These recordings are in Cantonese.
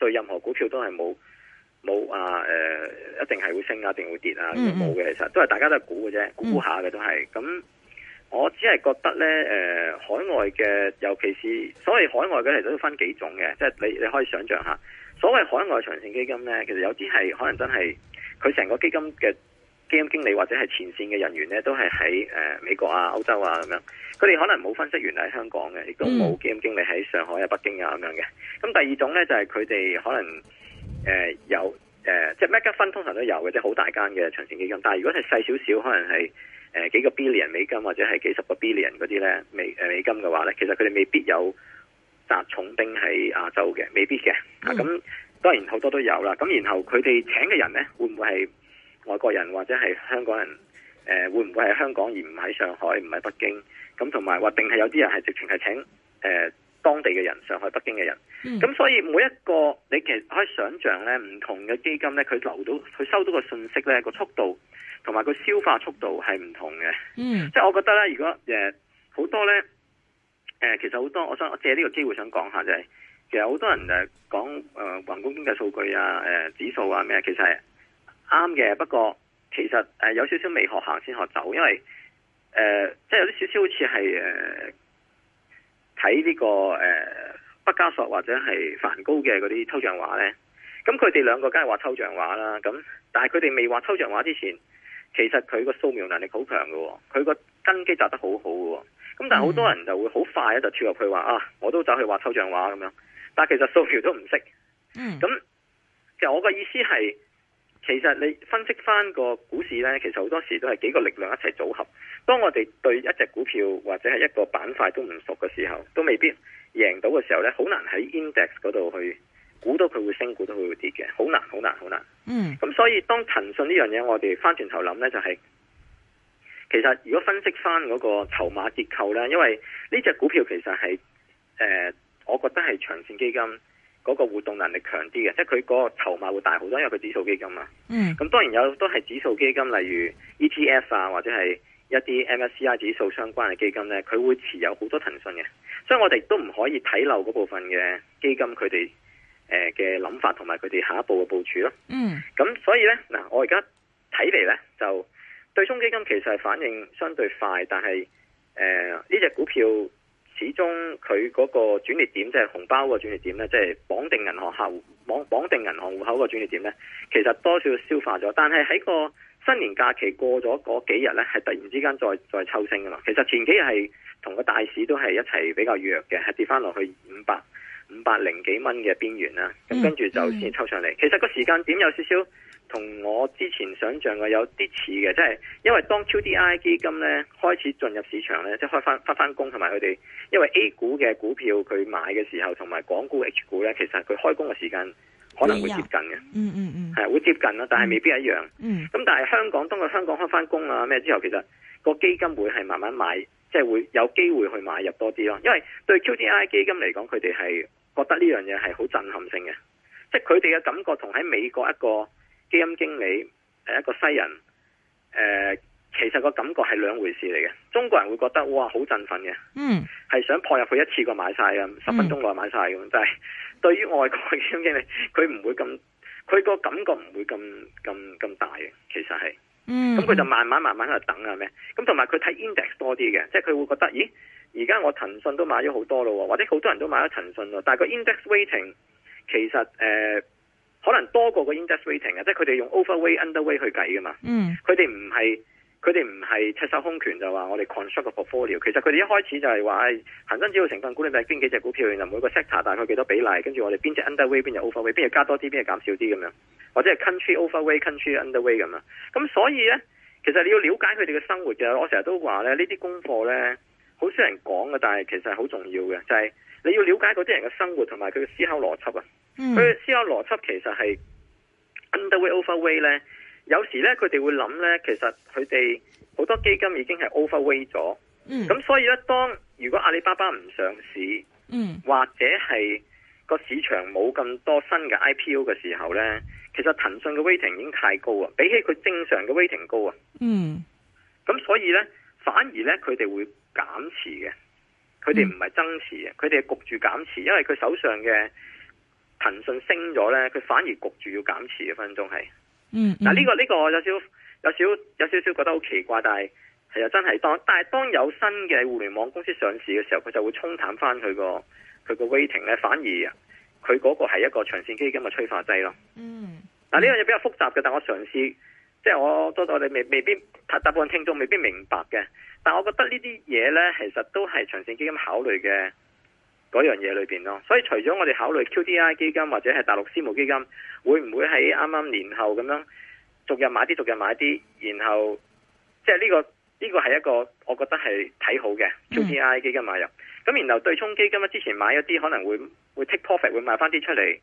對任何股票都係冇冇啊！誒、呃，一定係會升啊，一定會跌啊，都冇嘅。其實都係大家都係估嘅啫，估下嘅都係。咁我只係覺得咧，誒、呃、海外嘅，尤其是所謂海外嘅，其實都分幾種嘅。即、就、係、是、你你可以想象一下，所謂海外長線基金咧，其實有啲係可能真係佢成個基金嘅。基金經理或者係前線嘅人員咧，都係喺誒美國啊、歐洲啊咁樣。佢哋可能冇分析員喺香港嘅，亦都冇基金經理喺上海啊、北京啊咁樣嘅。咁第二種咧，就係佢哋可能誒有誒，即係 mega fund 通常都有嘅，即係好大間嘅長線基金。但係如果係細少少，可能係誒、呃、幾個 billion 美金或者係幾十個 billion 嗰啲咧，美誒、呃、美金嘅話咧，其實佢哋未必有紮重兵喺亞洲嘅，未必嘅。咁、啊、當然好多都有啦。咁然後佢哋請嘅人咧，會唔會係？外國人或者係香港人，誒、呃，會唔會係香港而唔喺上海，唔係北京？咁同埋話定係有啲人係直情係請誒、呃、當地嘅人，上海、北京嘅人。咁、mm. 所以每一個你其實可以想象咧，唔同嘅基金咧，佢留到佢收到嘅信息咧，個速度同埋個消化速度係唔同嘅。嗯，mm. 即係我覺得咧，如果誒好、呃、多咧，誒、呃、其實好多，我想我借呢個機會想講下就係、是，其實好多人誒講誒宏觀經濟數據啊，誒、呃、指數啊咩，其實。啱嘅，不過其實誒、呃、有少少未學行先學走，因為誒、呃、即係有啲少少好似係誒睇呢個誒畢加索或者係梵高嘅嗰啲抽象畫咧，咁佢哋兩個梗係畫抽象畫啦，咁但係佢哋未畫抽象畫之前，其實佢個素描能力好強嘅，佢個根基紮得好好嘅，咁但係好多人就會好快咧就跳入去話啊，我都走去畫抽象畫咁樣，但係其實素描都唔識，嗯，咁其實我嘅意思係。其實你分析翻個股市呢，其實好多時都係幾個力量一齊組合。當我哋對一隻股票或者係一個板塊都唔熟嘅時候，都未必贏到嘅時候呢，好難喺 index 嗰度去估到佢會升，估到佢會跌嘅，好難，好難，好難。嗯。咁所以當騰訊呢樣嘢，我哋翻轉頭諗呢、就是，就係其實如果分析翻嗰個籌碼結構呢，因為呢隻股票其實係誒、呃，我覺得係長線基金。嗰個活動能力強啲嘅，即係佢嗰個籌碼會大好多，因為佢指數基金啊。嗯。咁當然有，都係指數基金，例如 ETF 啊，或者係一啲 MSCI 指數相關嘅基金呢，佢會持有好多騰訊嘅。所以我哋都唔可以睇漏嗰部分嘅基金佢哋嘅，佢哋誒嘅諗法同埋佢哋下一步嘅部署咯。嗯。咁所以呢，嗱，我而家睇嚟呢，就對沖基金其實係反應相對快，但係誒呢隻股票。始終佢嗰個轉捩點即係、就是、紅包個轉捩點咧，即係綁定銀行客戶綁綁定銀行戶口個轉捩點咧，其實多少消化咗。但係喺個新年假期過咗嗰幾日咧，係突然之間再再抽升噶啦。其實前幾日係同個大市都係一齊比較弱嘅，係跌翻落去五百五百零幾蚊嘅邊緣啦。咁跟住就先抽上嚟。其實個時間點有少少。同我之前想象嘅有啲似嘅，即係因為當 QDII 基金咧開始進入市場咧，即係開翻翻翻工，同埋佢哋因為 A 股嘅股票佢買嘅時候，同埋港股 H 股咧，其實佢開工嘅時間可能會接近嘅，嗯嗯嗯，係會接近啦，但係未必一樣，嗯，嗯，咁、嗯、但係香港當佢香港開翻工啊咩之後，其實個基金會係慢慢買，即係會有機會去買入多啲咯，因為對 QDII 基金嚟講，佢哋係覺得呢樣嘢係好震撼性嘅，即係佢哋嘅感覺同喺美國一個。基金經理係一個西人，誒、呃，其實個感覺係兩回事嚟嘅。中國人會覺得哇，好振奮嘅，嗯，係想撲入去一次過買晒嘅，十分鐘內買晒嘅，嗯、但係對於外國嘅基金經理，佢唔會咁，佢個感覺唔會咁咁咁大嘅，其實係，嗯，咁佢就慢慢慢慢喺度等啊咩，咁同埋佢睇 index 多啲嘅，即係佢會覺得，咦，而家我騰訊都買咗好多咯，或者好多人都買咗騰訊咯，但係個 index weighting 其實誒。呃可能多過個 industry rating 啊，即係佢哋用 overweight underweight 去計噶嘛。嗯、mm.，佢哋唔係佢哋唔係赤手空拳就話我哋 construct 個 portfolio。其實佢哋一開始就係話，誒恆生指數成分股你係邊幾隻股票，然後每個 sector 大概幾多比例，跟住我哋邊隻 underweight 邊隻 overweight，邊又加多啲，邊又減少啲咁樣。或者係 country overweight country underweight 咁樣。咁所以呢，其實你要了解佢哋嘅生活嘅，我成日都話咧，呢啲功課呢。好少人講嘅，但係其實係好重要嘅，就係、是、你要了解嗰啲人嘅生活同埋佢嘅思考邏輯啊。佢嘅、嗯、思考邏輯其實係 underweight overweight 咧，有時咧佢哋會諗咧，其實佢哋好多基金已經係 overweight 咗。咁、嗯、所以咧，當如果阿里巴巴唔上市，嗯，或者係個市場冇咁多新嘅 IPO 嘅時候咧，其實騰訊嘅 weighting 已經太高啊，比起佢正常嘅 weighting 高啊。嗯，咁所以咧。反而呢，佢哋會減持嘅，佢哋唔係增持嘅，佢哋係焗住減持，因為佢手上嘅騰訊升咗呢，佢反而焗住要減持。一分鐘係、嗯，嗯，嗱，呢個呢個有少有少有少有少覺得好奇怪，但係係啊，真係當，但係當有新嘅互聯網公司上市嘅時候，佢就會沖淡翻佢個佢個 waiting 呢，反而佢嗰個係一個長線基金嘅催化劑咯。嗯，嗱呢樣嘢比較複雜嘅，但我嘗試。即係我多到你未未必，大部分聽眾未必明白嘅。但我覺得呢啲嘢呢，其實都係長線基金考慮嘅嗰樣嘢裏邊咯。所以除咗我哋考慮 QDII 基金或者係大陸私募基金，會唔會喺啱啱年後咁樣逐日買啲，逐日買啲，然後即係、呢個、呢個呢、呢個係一個我覺得係睇好嘅、mm. QDII 基金買入。咁然後對沖基金呢，之前買咗啲可能會會 take profit，會賣翻啲出嚟。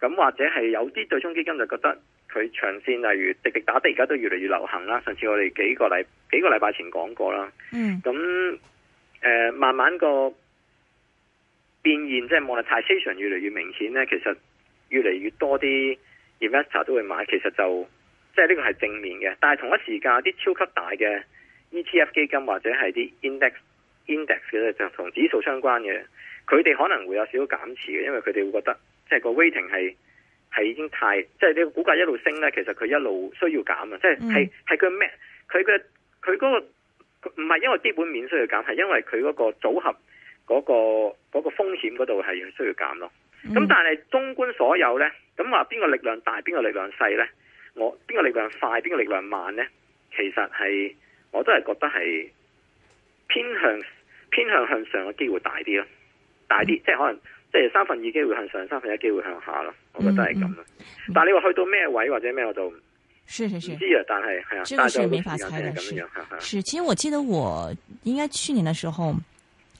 咁或者係有啲對沖基金就覺得。佢長線例如滴滴打的而家都越嚟越流行啦、啊。上次我哋幾，幾個禮拜前講過啦。嗯，咁、呃、慢慢個變現即係 monetization 越嚟越明顯咧，其實越嚟越多啲 investor 都會買，其實就即係呢個係，正面嘅。但係同一時間啲超級大嘅 ETF 基金或者係啲 ind index index 咧就同指數相關嘅，佢哋可能會有少少減持嘅，因為佢哋會覺得即係個 weighting 係。係已經太即係呢個股價一路升咧，其實佢一路需要減啊！即係係係佢咩？佢嘅佢嗰個唔係因為基本面需要減，係因為佢嗰個組合嗰、嗰個、嗰個風險嗰度係需要減咯。咁但係中觀所有咧，咁話邊個力量大，邊個力量細咧？我邊個力量快，邊個力量慢咧？其實係我都係覺得係偏向偏向向上嘅機會大啲咯，大啲即係可能。即係三分二機會向上，三分一機會向下咯。我覺得係咁啊。嗯嗯，但係你話去到咩位或者咩，我就唔知啊。這個 但係係啊，但係就未知嘅。試試是試試是，其實我記得我應該去年嘅時候。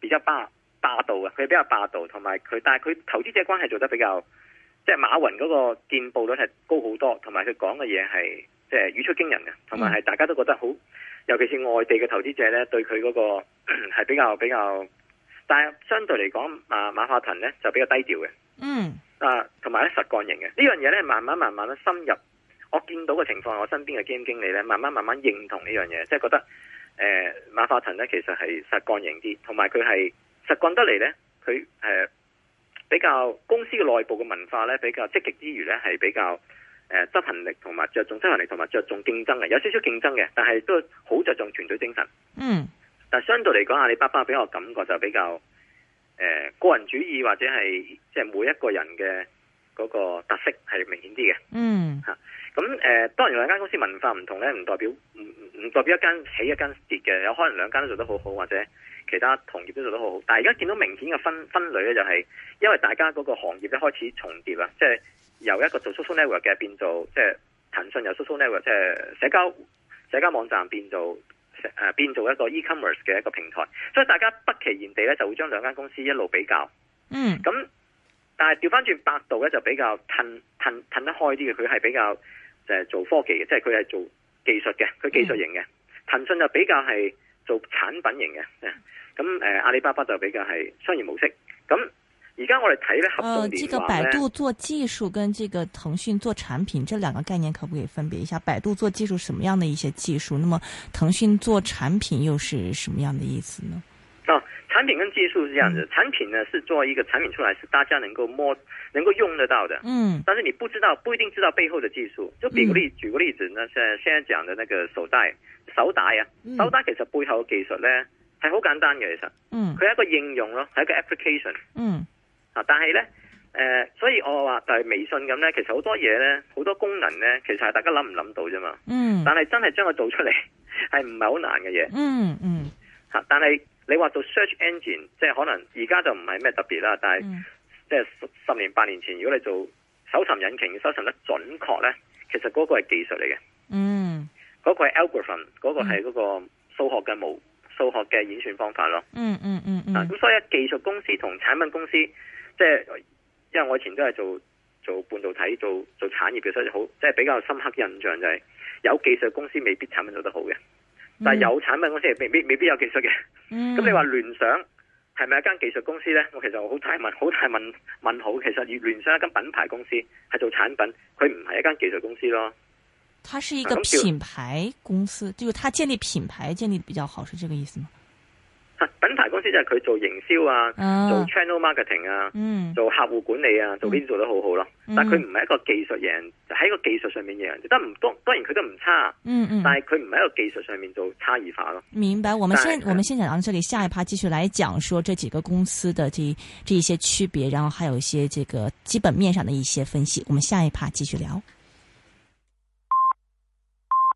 比較霸霸道嘅，佢比較霸道，同埋佢，但係佢投資者關係做得比較，即係馬雲嗰個見報率係高好多，同埋佢講嘅嘢係即係語出驚人嘅，同埋係大家都覺得好，尤其是外地嘅投資者呢，對佢嗰個係比較比較，但係相對嚟講，馬馬化騰呢就比較低調嘅。嗯。啊，同埋咧實幹型嘅呢樣嘢呢，慢慢慢慢深入，我見到嘅情況我身邊嘅基金經理呢，慢慢慢慢認同呢樣嘢，即係覺得。誒、呃，馬化騰咧其實係實幹型啲，同埋佢係實幹得嚟咧，佢誒、呃、比較公司嘅內部嘅文化咧比較積極之餘咧係比較誒執、呃、行力同埋着重執行力同埋着重競爭嘅，有少少競爭嘅，但係都好着重團隊精神。嗯，但係相對嚟講，阿里巴巴俾我感覺就比較誒、呃、個人主義或者係即係每一個人嘅嗰個特色係明顯啲嘅。嗯。咁誒、呃，當然兩間公司文化唔同咧，唔代表唔唔代表一間起一間跌嘅，有可能兩間都做得好好，或者其他同業都做得好好。但係而家見到明顯嘅分分類咧，就是、就係因為大家嗰個行業咧開始重疊啦，即係由一個做 social network 嘅變做即係騰訊由 social network 即係社交社交網站變做誒、呃、變做一個 e-commerce 嘅一個平台，所以大家不期然地咧就會將兩間公司一路比較。嗯。咁，但係調翻轉百度咧就比較騰騰得開啲嘅，佢係比較。就做科技嘅，即係佢係做技術嘅，佢技術型嘅。騰訊、嗯、就比較係做產品型嘅，咁誒、嗯呃、阿里巴巴就比較係商業模式。咁而家我哋睇咧合併呢，話、呃這個、百度做技術跟這個騰訊做產品，這兩個概念可唔可以分別一下？百度做技術什麼樣的一些技術？那麼騰訊做產品又是什麼樣的意思呢？產品跟技術是這樣子，產品呢是做一個產品出來，是大家能夠摸，能夠用得到的。嗯，但是你不知道，不一定知道背後的技術。就比如，舉個例子呢，即、嗯、現在講的那個手帶，手帶啊，手帶其實背後嘅技術咧係好簡單嘅，其實。佢係一個應用咯，係一個 application、啊。嗯。但係呢誒、呃，所以我話就係微信咁咧，其實好多嘢咧，好多功能咧，其實係大家諗唔諗到啫嘛。嗯。但係真係將佢做出嚟，係唔係好難嘅嘢。嗯嗯。吓，但係。你話做 search engine，即係可能而家就唔係咩特別啦，但係即係十年八年前，如果你做搜尋引擎，搜尋得準確呢，其實嗰個係技術嚟嘅。嗯，嗰個係 algorithm，嗰個係嗰個數學嘅模、數學嘅演算方法咯。嗯，嗯嗯嗯。咁，啊，所以技術公司同產品公司，即係因為我以前都係做做半導體、做做產業嘅，所以好即係比較深刻印象就係，有技術公司未必產品做得好嘅。嗯、但係有產品公司未必未必有技術嘅，咁、嗯、你話聯想係咪一間技術公司咧？我其實好大問好大問問號，其實聯聯想一間品牌公司，係做產品，佢唔係一間技術公司咯。它是一個品牌公司，嗯、公司就係、是、它建立品牌建立比較好，是這個意思嗎？品牌公司就係佢做營銷啊，啊做 channel marketing 啊，嗯、做客戶管理啊，做呢啲做得好好咯。嗯、但係佢唔係一個技術型人，喺個技術上面人，但唔當當然佢都唔差，嗯嗯，但係佢唔係一個技術上面、嗯嗯、做差異化咯。嗯嗯、化明白，我們先是我們先講到這裏，下一 part 繼續來講說這幾個公司的這這一些區別，然後還有一些這個基本面上的一些分析，我們下一 part 繼續聊。